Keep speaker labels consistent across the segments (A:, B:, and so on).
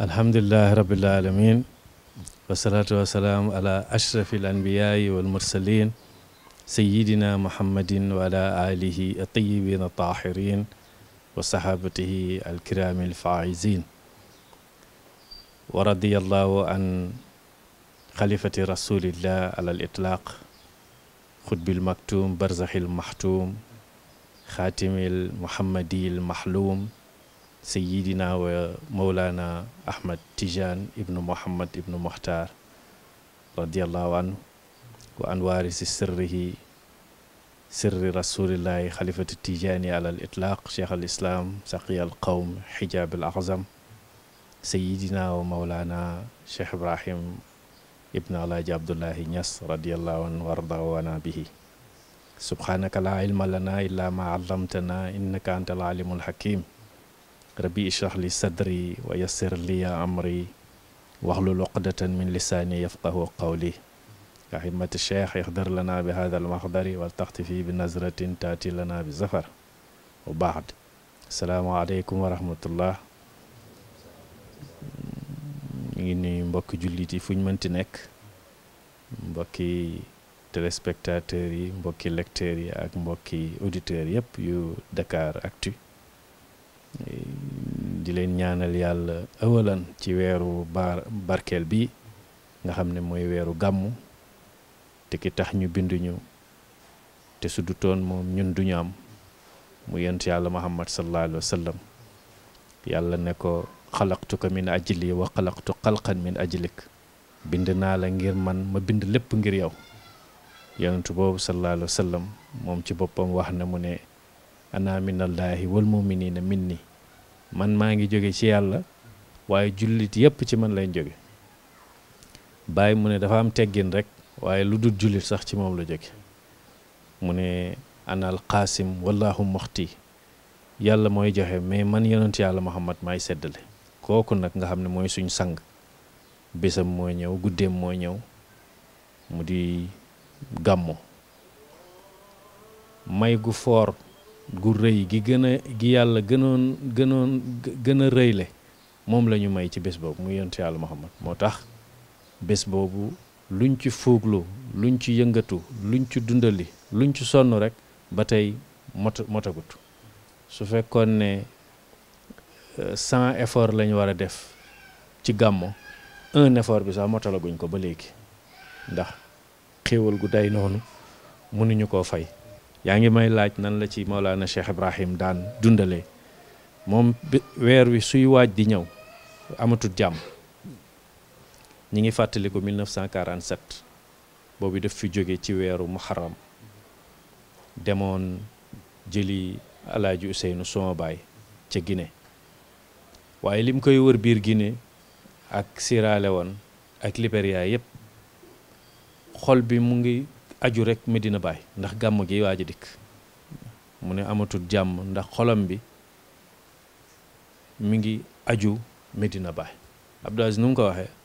A: الحمد لله رب العالمين والصلاة والسلام على أشرف الأنبياء والمرسلين سيدنا محمد وعلى آله الطيبين الطاهرين وصحابته الكرام الفائزين ورضي الله عن خليفة رسول الله على الإطلاق خطب المكتوم برزخ المحتوم خاتم المحمدي المحلوم سيدنا ومولانا أحمد تيجان ابن محمد ابن مختار رضي الله عنه وعن وارث سره سر رسول الله خليفة التيجاني على الإطلاق شيخ الإسلام سقي القوم حجاب الأعظم سيدنا ومولانا شيخ إبراهيم ابن علاج عبد الله نياس رضي الله عنه وارضاه وانا به سبحانك لا علم لنا إلا ما علمتنا إنك أنت العليم الحكيم ربي اشرح لي صدري ويسر لي أمري واحلل عقدة من لساني يفقه قولي يا الشيخ يخدر لنا بهذا المحضر والتختفي بنظرة تأتي لنا بزفر وبعد السلام عليكم ورحمة الله ñu ngi جوليتي فوج مانتي نيك fu ñu mënti nekk mbokki téléspectateurs yi mbokki lecteurs yi ak mbokki di leen ñaanal yàlla ëwalan ci weeru bar barkeel bi nga xam ne mooy weeru gàmmu te ki tax ñu binduñu te su moom ñun duñu am mu yent yàlla muhammad sallallahu alayhi wa sallam yàlla ne ko xalaqtuka min ajli wa xalaqtu xalqan min ajlik bind naa la ngir man ma bind lépp ngir yow yonentu boobu sallallahu alayhi moom ci boppam wax na mu ne ana minallaahi wal muminina min ni man maa ngi jóge ci yàlla waaye jullit yépp ci man lañ jóge bàyyi mu ne dafa am teggin rek waaye lu dul jullit sax ci moom la jóge mu ne ana alqaasim wallahu moxti yàlla mooy joxe mais man yonent yàlla muhammad maay seddale kooku nag nga xam ne mooy suñ sang bésam mooy ñëw guddeem mooy ñëw mu di gàmmu may gu foor gu rëy gi gën a gi yàlla gënoon gënoon gën a rëyle moom la ñu may ci bés boobu muy yontu yàlla Muhammad moo tax bés boobu luñ ci fuuglu luñ ci yëngatu luñ ci dundali luñ ci sonn rek ba tey mot su fekkoon ne euh, cent effort lañu war a def ci gàmmo un effort bi sax motalaguñ ko ba léegi ndax xéewal gu day noonu mënuñu ko fay yaa ngi may laaj nan la ci Maulana Cheikh Ibrahim daan dundale moom weer wi suy waaj di ñëw amatul jàmm ñi ngi fàttaliku 1947 boobu def fi jóge ci weeru muharram demoon jëli alaaji Ousseynou suma baay ca Guinée waaye lim koy wër biir gine ak Sierra Leone ak Libéria yépp xol bi mu ngi aju rek Medina Baay ndax gàmm gi waaj a dikk mu ne amatul jàmm ndax xolam bi mi ngi aju Medina Baay Abdou Aziz nu mu ko waxee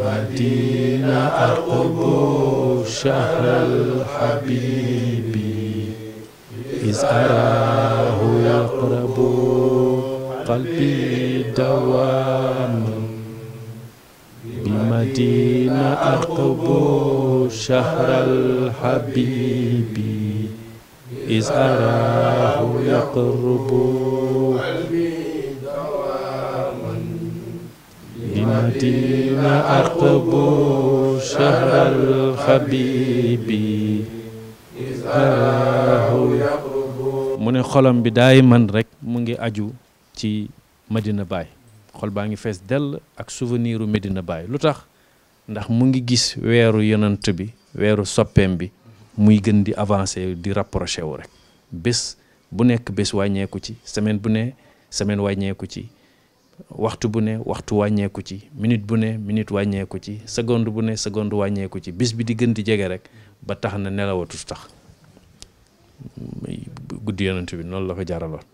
A: المدينة أرقب شهر الحبيب إذ أراه يقرب قلبي دوام الدين أرقب شهر الحبيب
B: إذ أراه يقرب لمدينة أرقب شهر الحبيب إذ
A: أراه يقرب mu ne xolam bi daay man rek mu aju ci Medina Baye xol baa ngi fees dell ak souveniru Medina Baye lu ndax mu ngi gis weeru yonant bi weeru soppeem bi muy gën di avancé di rapproché wu rek bés bu nekk bés wàññeeku ci semaine bu ne semaine wàññeeku ci waxtu bu ne waxtu wàññeeku ci minute bu ne minute wàññeeku ci seconde bu ne seconde wàññeeku ci bés bi di gën di jege rek ba tax na nelawatu tax guddi yonent bi noonu la ko jaraloon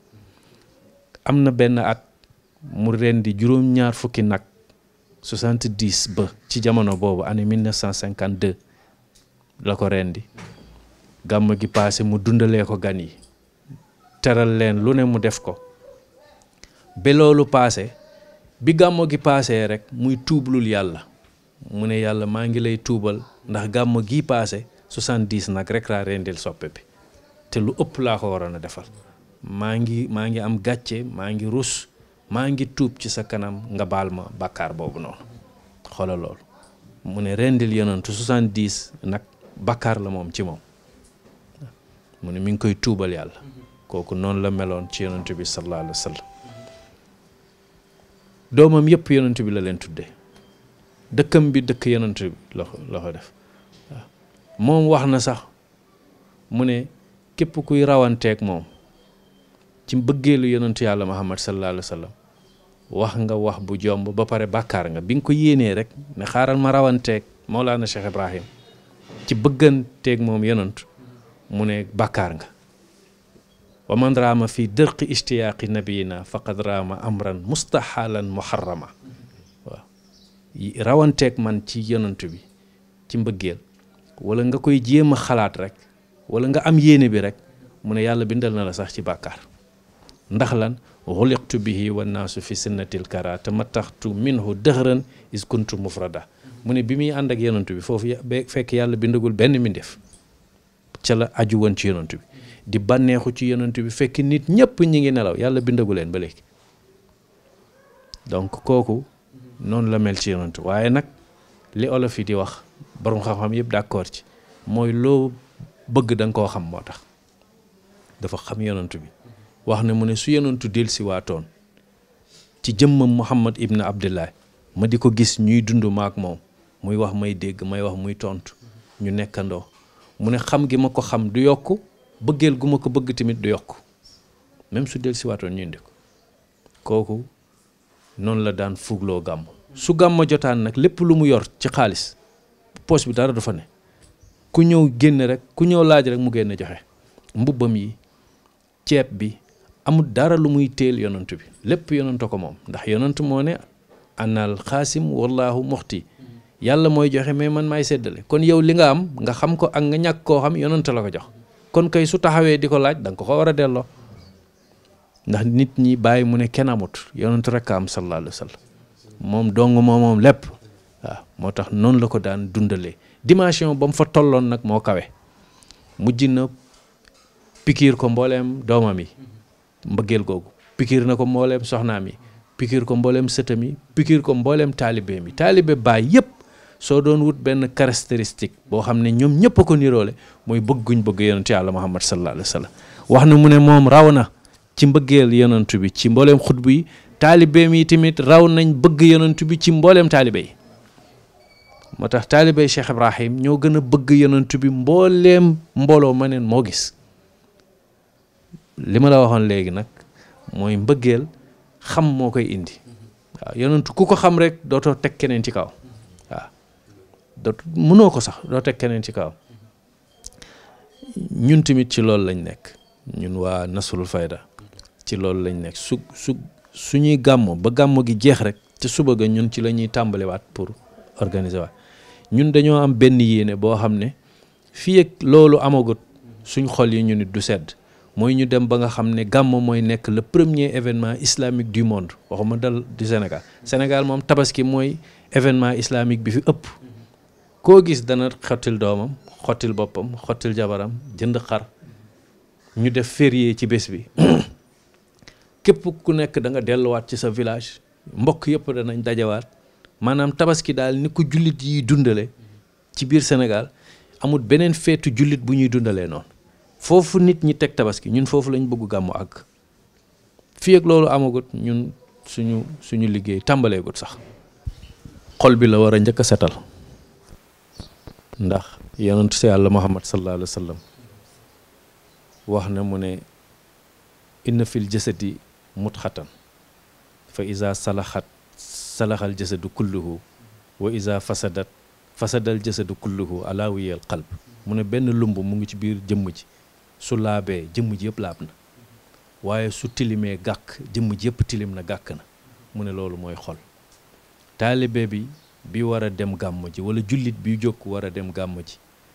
A: am na benn at mu rendi juróom-ñaar fukki nag 70 ba ci jamono boobu année 1952 la ko rendi gàmm gi paase mu dundalee ko gan yi teral leen lu ne mu def ko ba loolu paase bi gàmm gi paasee rek muy tuublul yàlla mu ne yàlla maa ngi lay tuubal ndax gàmm gi paase 70 nag rek laa rendil soppe bi te lu ëpp laa ko waroon a defal maa ngi maa ngi am gàcce maa ngi rus maa ngi tuub ci sa kanam nga baal ma bàkkaar boobu noonu xoolal loolu mu ne rendil yonantu soixante-dix nag bàkkaar la moom ci moom mu ne mu ngi koy tuubal yàlla kooku noonu la meloon ci yonantu bi sallallahu alayhi wa doomam yëpp yonantu bi la leen tuddee dëkkam bi dëkk yonantu bi la ko la ko def moom wax na sax mu ne képp kuy rawanteeg moom ci bëggeelu yonentu yàlla Muhammad sallallahu alayhi wa wax nga wax bu jomb ba pare bàkkaar nga bi nga ko yéenee rek ne xaaral ma rawanteeg Mawlaana Cheikh Ibrahim ci bëgganteeg moom yonent mu ne bàkkaar nga wa fii dërqi ishtiyaaqi nabiyina faqad raama amran mustahalan muharrama man ci yonent bi ci mbëggeel wala nga koy jéem a xalaat rek walla nga am yéene bi rek mu ne yàlla bindal na la sax ci bàkkaar ndax lan xuliqtu bihi wannaasu fi sinnatil kara te mataxtu minhu dëxëran is kuntu mufrada mu ne bi muy ànd ak yonent bi foofu fekk yàlla bindagul benn mbindeef ca la aju woon ci yonent bi di bànneexu ci yonent bi fekk nit ñëpp ñu ngi nelaw yàlla bindagu leen ba léegi donc kooku noonu la mel ci yonent waaye nag li olof yi di wax borom xam-xam yëpp d'accord ci mooy loo bëgg da koo xam moo tax dafa xam yonent bi wax na mu ne su yonantu delsi waatoon ci jëmmam Muhammad ibn Abdullah ma di ko gis ñuy dund maak moom muy wax may dégg may wax muy tontu ñu nekkandoo mu ne xam gi ma ko xam du yokk bëggeel gu ma ko bëgg tamit du yokk même su delsi waatoon ñu indi ko kooku noonu la daan fugloo gàmm su gàmm jotaan nag lépp lu mu yor ci xaalis poche bi dara dafa ne ku ñëw génn rek ku ñëw laaj rek mu génn joxe mbubbam yi ceeb bi amul dara lu muy teel yonent bi lépp yonent ko moom ndax yonent moo ne anal xaasim wallaahu muxti yàlla mooy joxe mais man maay séddale kon yow li nga am nga xam ko ak nga ñàkk koo xam yonent la ko jox kon kay su taxawee di ko laaj danga ko ko war a delloo ndax nit ñi bàyyi mu ne kenn amut yonent rekk a am sallallahu alayhi wa moom dong moo moom lépp waaw moo tax noonu la ko daan dundale dimension ba mu fa tolloon nag moo kawe mujj na pikiir ko mbooleem doomam yi mbëggeel googu pikiir na ko mbooleem soxnaam yi pikiir ko mbooleem sëtam yi pikiir ko mbooleem taalibeem yi taalibe baay yépp soo doon wut benn caractéristique boo xam ne ñoom ñëpp ko niroole mooy bëgguñ bëgg yonentu yàlla muhammad sallallahu alayhi wa wax na mu ne moom raw na ci mbëggeel yonentu bi ci mbooleem xutbu yi taalibeem yi tamit raw nañ bëgg yonentu bi ci mbooleem taalibe yi moo tax taalibe Cheikh Ibrahim ñoo gën a bëgg yonentu bi mbooleem mbooloo ma neen moo gis li ma la waxoon léegi nag mooy mbëggeel xam moo koy indi waaw yonentu ku ko xam rek dootoo teg keneen ci kaw waaw dootu mënoo ko sax doo teg keneen ci kaw ñun tamit ci loolu lañ nekk ñun waa Nasrul Fayda ci loolu lañ nekk su su suñuy gàmmo ba gàmmo gi jeex rek te suba ga ñun ci la ñuy tàmbaliwaat pour organiser waat ñun dañoo am benn yéene boo xam ne fii ak loolu amagut suñ xol yi ñu it du sedd moy ñu dem ba nga xamné ne moy nek le premier événement islamique du monde waxuma dal du Sénégal Sénégal moom tabaski moy événement islamique bi fi ëpp ko gis dana khatil domam khatil bopam khatil jabaram jënd xar ñu def férié ci bës bi képp ku nekk da nga delluwaat ci sa village mbokk yëpp danañ dajawaat maanaam tabaski daal ni ko jullit yi dundale ci biir Sénégal amul beneen feetu jullit bu ñuy dundalee noonu foofu nit ñi teg tabaski ñun foofu lañu bëgg gàmmu àgg fii loolu amagut ñun suñu suñu liggéey tàmbaleegut sax xol bi la war a njëkk a setal ndax yonent si yàlla muhammad sallallahu sallam wax na mu ne inna fil jasadi mutxatan fa isa salaxat salaxal jasadu kulluhu wa isa fasadat fasadal jasadu kulluhu alaa wiyal mu ne benn lumb mu ngi ci biir jëmm ji su laabee jëmm ji yëpp laab na waaye su tilimee gàkk jëmm ji yëpp tilim na gàkk na mu ne loolu mooy xol taalibe bi bi war a dem gàmm ji wala jullit bi jóg war a dem gàmm ji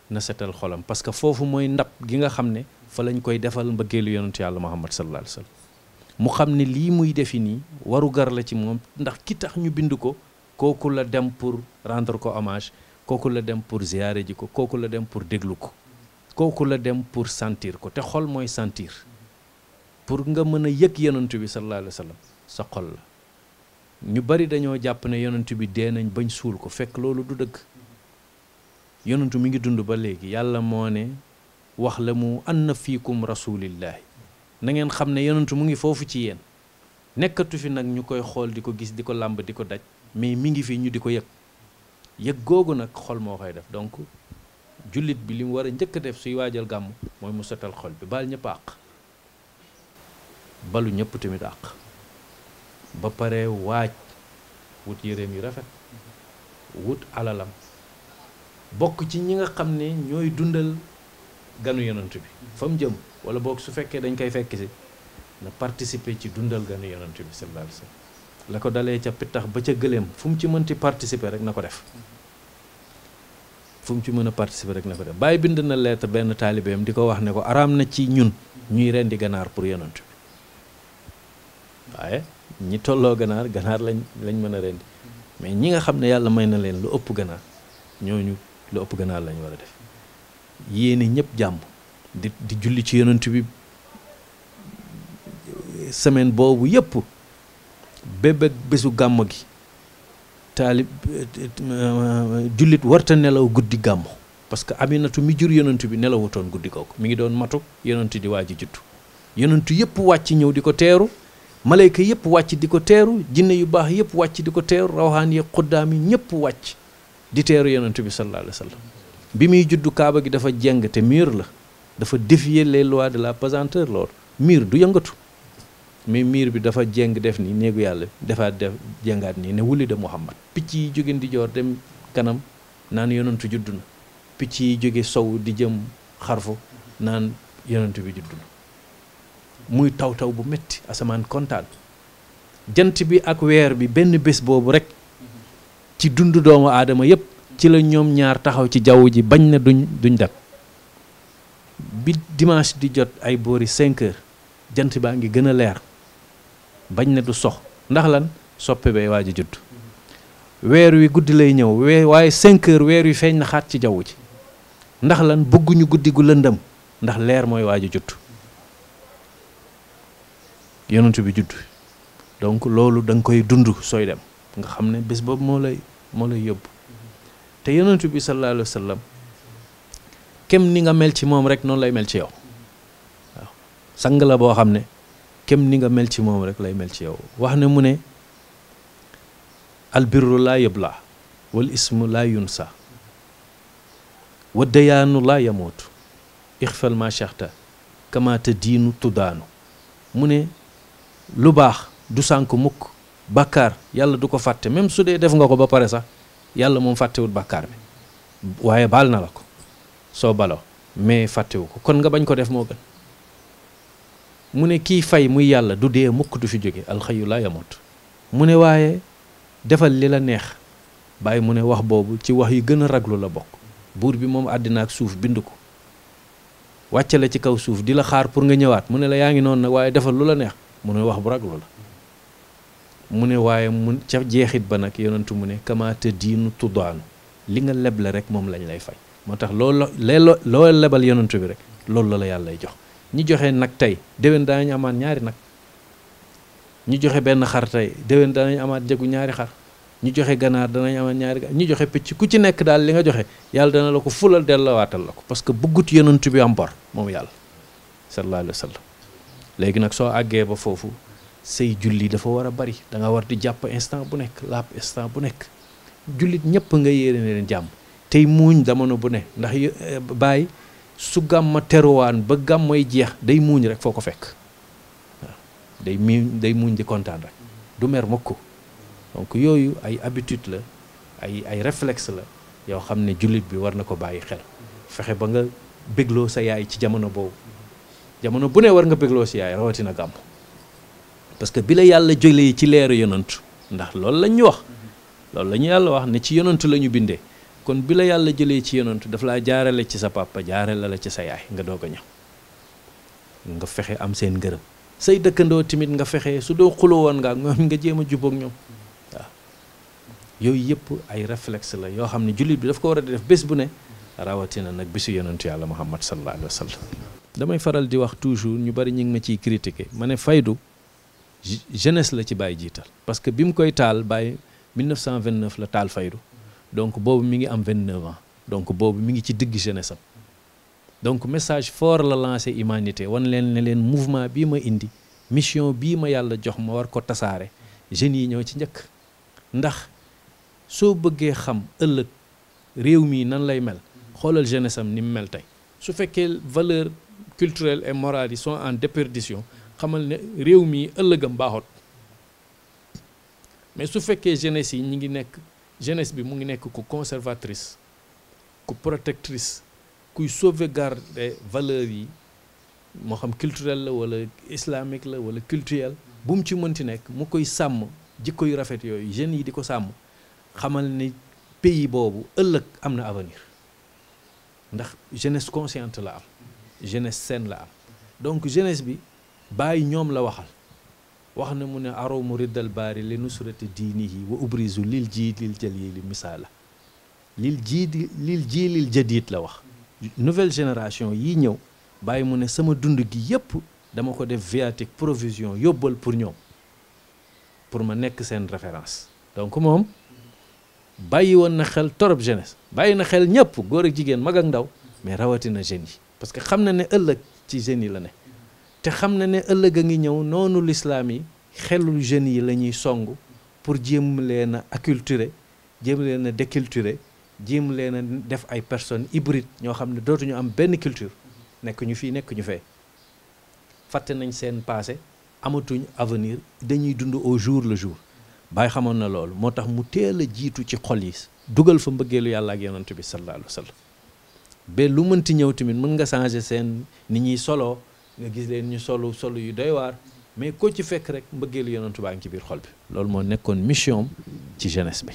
A: na setal xolam parce que foofu mooy ndab gi nga xam ne fa lañ koy defal mbëggeelu yonentu yàlla muhammad sallallahu alayhi wa sallam mu xam ne lii muy defi nii warugar la ci moom ndax ki tax ñu bind ko kooku la dem pour rendre ko hommage kooku la dem pour ziyaare ji ko kooku la dem pour déglu ko kooku la dem pour sentir ko te xol mooy sentir pour nga mën a yëg yonent bi sallallahu alayhi wa sallam sa xol la ñu bari dañoo jàpp ne yonent bi dee nañ bañ suul ko fekk loolu du dëgg yonent mi ngi dund ba léegi yàlla moo ne wax la mu anna fiikum rasulillahi na ngeen xam ne yonent mu ngi foofu ci yéen nekkatu fi nag ñu koy xool di ko gis di ko làmb di ko daj mais mi ngi fi ñu di ko yëg yëg googu nag xol moo koy def donc jullit bi li mu war a njëkk a def suy waajal gàmm mooy mu setal xol bi baal ñëpp àq balu ñëpp tamit àq ba pare waaj wut yéreem yu rafet wut alalam bokk ci ñi nga xam ne ñooy dundal ganu yonant bi fa mu jëm wala boog su fekkee dañ koy fekk na participer ci dundal ganu yonant bi sallallahu la ko dalee ca pittax ba ca gëléem fu mu ci mënti participer rek na ko def fu mu ci mën a participer rek na ko def bàyyi bind na lettre benn taalibeem di ko wax ne ko araam na ci ñun ñuy rendi ganaar pour yonent bi waaye ñi tolloo ganaar ganaar lañ lañ mën a rendi mais ñi nga xam ne yàlla may na leen lu ëpp ganaar ñooñu lu ëpp ganaar lañ war a def yéene ñëpp jàmm di di julli ci yonent bi semaine boobu yëpp bébé bésu gàmm gi taalib jullit warta nelaw guddi gàmmu parce que aminatu mi jur yonantu bi nelawutoon guddi ko mi ngi doon matu yonantu di waa ji juddu yonantu yëpp wàcc ñëw di ko teeru malayka yëpp wàcc di ko teeru jinne yu baax yëpp wàcc di ko teeru rawxaan yi xuddaam yi ñëpp wàcc di teeru yonantu bi sallallahu alayhi wa bi muy juddu kaaba gi dafa jeng te mur la dafa défier les lois de la pesanteur lool mur du yëngatu mais miir bi dafa jeng def nii néegu yàlla defaat def jëngaat nii ne wuli de Muhammad picc yi jóge ndijoor dem kanam naan yonantu judd na picc yi jóge sow di jëm xarfu naan yonantu bi judd na muy taw taw bu métti asamaan kontaan jant bi ak weer bi benn bés boobu rek ci dund doomu aadama yépp ci la ñoom ñaar taxaw ci jaww ji bañ na duñ duñ dak bi dimanche di jot ay boori 5 jant baa ngi gën a leer bañ na du sox ndax lan soppe bay waaj judd weer wi guddi lay ñëw we waaye 5 weer wi feeñ na xaat ci jaww ji ndax lan bëgguñu guddi gu lëndëm ndax leer mooy waaj a judd yonent bi judd donc loolu danga koy dund sooy dem nga xam ne bés boobu moo lay moo lay yóbbu te yonent bi sallallahu alayhi wa kem ni nga mel ci moom rek noonu lay mel ci yow waaw sang la boo xam ne كم نيغا ميل تي موم رك لاي ميل تي ياو واخنا مو ني البر لا يبلى والاسم لا ينسى والديان لا يموت اخفل ما شخت كما تدين تدان مو ني لو باخ دو سانك موك بكار يالا دوكو فاتي ميم سودي ديف نغاكو با باري سا يالا موم فاتي ود بكار واي بالنا لاكو سو بالو مي فاتي وكو كون غا بانكو ديف موغن mu ne kii fay muy yàlla du dee mukk du fi jóge alxayu laa yamut mu ne waaye defal li la neex bàyyi mu ne wax boobu ci wax yu gën a raglu la bokk buur bi moom àddina ak suuf bind ko wàcce la ci kaw suuf di la xaar pour nga ñëwaat mu ne la yaa ngi noonu nag waaye defal lu la neex mu ne wax bu raglu la mu ne waaye mu ca jeexit ba nag yonentu mu ne kamaata diinu tuddaanu li nga leb la rek moom lañ lay fay moo tax loolu la lebal yonentu bi rek loolu la la yàlla jox ñi joxe nag tey déwén danañ amaat ñaari nag ñu joxe benn xar tey déwén danañ amaat jegu ñaari xar ñu joxe ganaar danañ amaat ñaari ganaar ñu joxe picc ku ci nekk daal li nga joxe yàlla dana la ko fulal dellowaatal la ko parce que bëggut yonent bi am bor moom yàlla sallallahu alayhi léegi nag soo àggee ba foofu sëy julli dafa war a bari da nga war di jàpp instant bu nekk laab instant bu nekk jullit ñëpp nga yéene leen jàmm tey muuñ jamono bu ne ndax eh, bàyyi su gàmma teruwaan ba gàmmooy jeex day muuñ rek foo ko fekk waaw day muuñ day muuñ di kontaan rek du mer ko donc yooyu ay habitude la ay ay réflexe la yow xam ne jullit bi war na ko bàyyi xel fexe ba nga bégloo sa yaay ci jamono boobu jamono bu nee war nga bégloo si yaay rawatina gàmm parce que bi la yàlla jëlee ci leeru yonantu ndax loolu lañ ñu wax loolu la ñu yàlla wax ne ci yonantu la ñu bindee kon bi la yàlla jëlee ci yonantu daf laa jaarale ci sa papa jaarale la ci sa yaay nga doog a ñëw nga fexe am seen ngërëm say dëkkandoo tamit nga fexe su doo xuloo woon nga ak ñoom nga jéem a jubóog ñoom waaw yooyu yëpp ay réflexe la yoo xam ne jullit bi daf ko war a def bés bu ne rawatina nag bi bisu yonantu yàlla muhammad sallallahu alayhi wa sallam damay faral di wax toujours ñu bari ñu ngi ma ciy critiquer ma ne faydu jeunesse la ci bàyyi jiital parce que bi mu koy taal bàyyi 1929 la taal faydu donc boobu mu ngi am 29 ans donc boobu mi ngi ci digg jeunesse am donc message foor la lancé humanité wan leen ne leen mouvement bii ma indi mission bii ma yàlla jox ma war ko tasaare jeunes yi ñoo ci njëkk ndax soo bëggee xam ëllëg réew mii nan lay mel xoolal jeunesse am ni mu mel tey su fekkee valeur culturelle et morale yi sont en déperdition xamal ne réew mi ëllëgam baaxoot mais su fekkee jeunesse yi ñi ngi nekk jeunesse bi mu ngi nekk ku conservatrice ku protectrice kuy sauvegarder valeurs yi moo xam culturel la wala islamique la wala culturel bu mu ci mënti nekk mu koy sàmm jikko yu rafet yooyu jeunes yi di ko sàmm xamal ni pays boobu ëllëg am na avenir ndax jeunesse consciente la am jeunesse saine la am donc jeunesse bi bàyyi ñoom la waxal wax na mu ne aromu riddal baari li nusrati diinihi wa ubrisu lil jiilil jalili misaala lil jiidi lil jiilil jadid la wax nouvelle génération yi ñëw bàyyi mu ne sama dund gi yépp dama ko def viatique provision yóbbal pour ñoom pour ma nekk seen référence donc moom bàyyi woon na xel torop jeunesse bàyyi na xel ñëpp góor ak jigéen mag ak ndaw mais rawatina jeunes yi parce que xam na ne ëllëg ci jeunes yi la ne te xam na ne ëllëg a ngi ñëw noonu lislaam yi xelul jeunes yi la ñuy song pour jéem leen a acculturer jéem leen a déculturer jéem leen a def ay personnes hybrides ñoo xam ne dootuñu am benn culture nekk ñu fii nekk ñu fee fàtte nañ seen passé amatuñ avenir dañuy dund au jour le jour Baay xamoon na loolu moo tax mu teel a jiitu ci xol yi dugal fa mbëggeelu yàlla ak yonent bi sallallahu alayhi wa lu mënti ñëw tamit mun nga changer seen ni ñuy solo nga gis leen ñu solu solu yu doy waar mais ko ci fekk rek mbëggeelu yonentu baa ngi ci biir xol bi loolu moo nekkoon mission ci jeunesse bi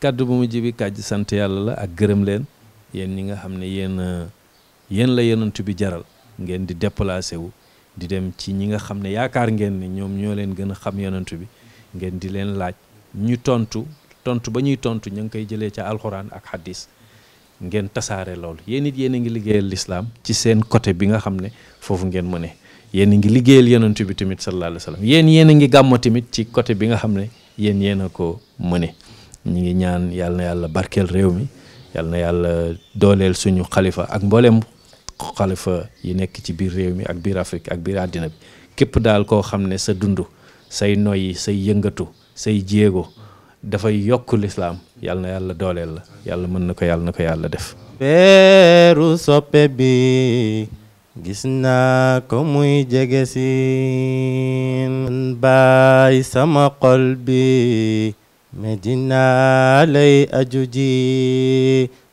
A: kàddu bu mujj bi kàjj sant yàlla la ak gërëm leen yéen ñi nga xam ne yéen yéen la yonent bi jaral ngeen di déplacé wu di dem ci ñi nga xam ne yaakaar ngeen ni ñoom ñoo leen gën a xam yonent bi ngeen di leen laaj ñu tontu tontu ba ñuy tontu ñu ngi koy jëlee ca alxuraan ak xaddis ngeen tasaare loolu yéen it yéen a ngi liggéeyal lislaam ci seen côté bi nga xam ne foofu ngeen mëne yéen a ngi liggéeyal yonent bi tamit sallallahu alayhi wa yéen yéen a ngi gàmmo tamit ci côté bi nga xam ne yéen yéen a ko mëne ñu ngi ñaan yàlla na yàlla barkeel réew mi yàlla na yàlla dooleel suñu xalifa ak mbooleem xalifa yi nekk ci biir réew mi ak biir Afrique ak biir àddina képp daal koo xam ne sa dund say noyyi say yëngatu say jéego dafay yokk lislaam yàlla na yàlla dooleel la yàlla mën na ko yàlla na ko yàlla def
B: weeru soppe bi gis naa ko muy jege si man bàyyi sama xol bi medina lay aju ji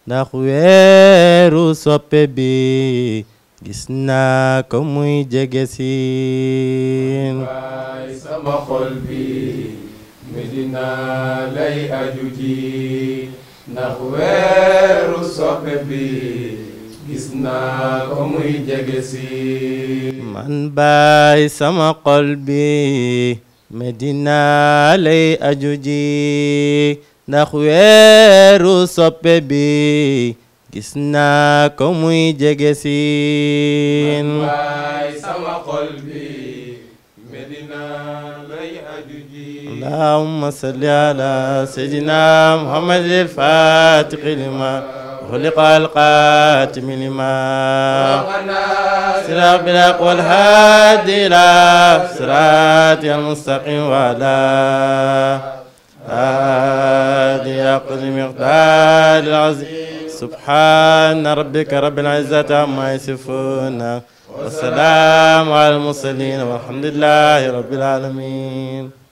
B: ndax weeru soppe bi gis naa ko muy jege si Medina lay aju ji ndax weeru soppe bi gis sama xol bi Medina lay aju ji ndax bi gis naa ko muy jege si. اللهم صل على سيدنا محمد الفاتق لما خلق القاتم لما سراب قول هادي لا صراط المستقيم ولا هادي أقل مقدار العزيز سبحان ربك رب العزة عما يصفون والسلام على المرسلين والحمد لله رب العالمين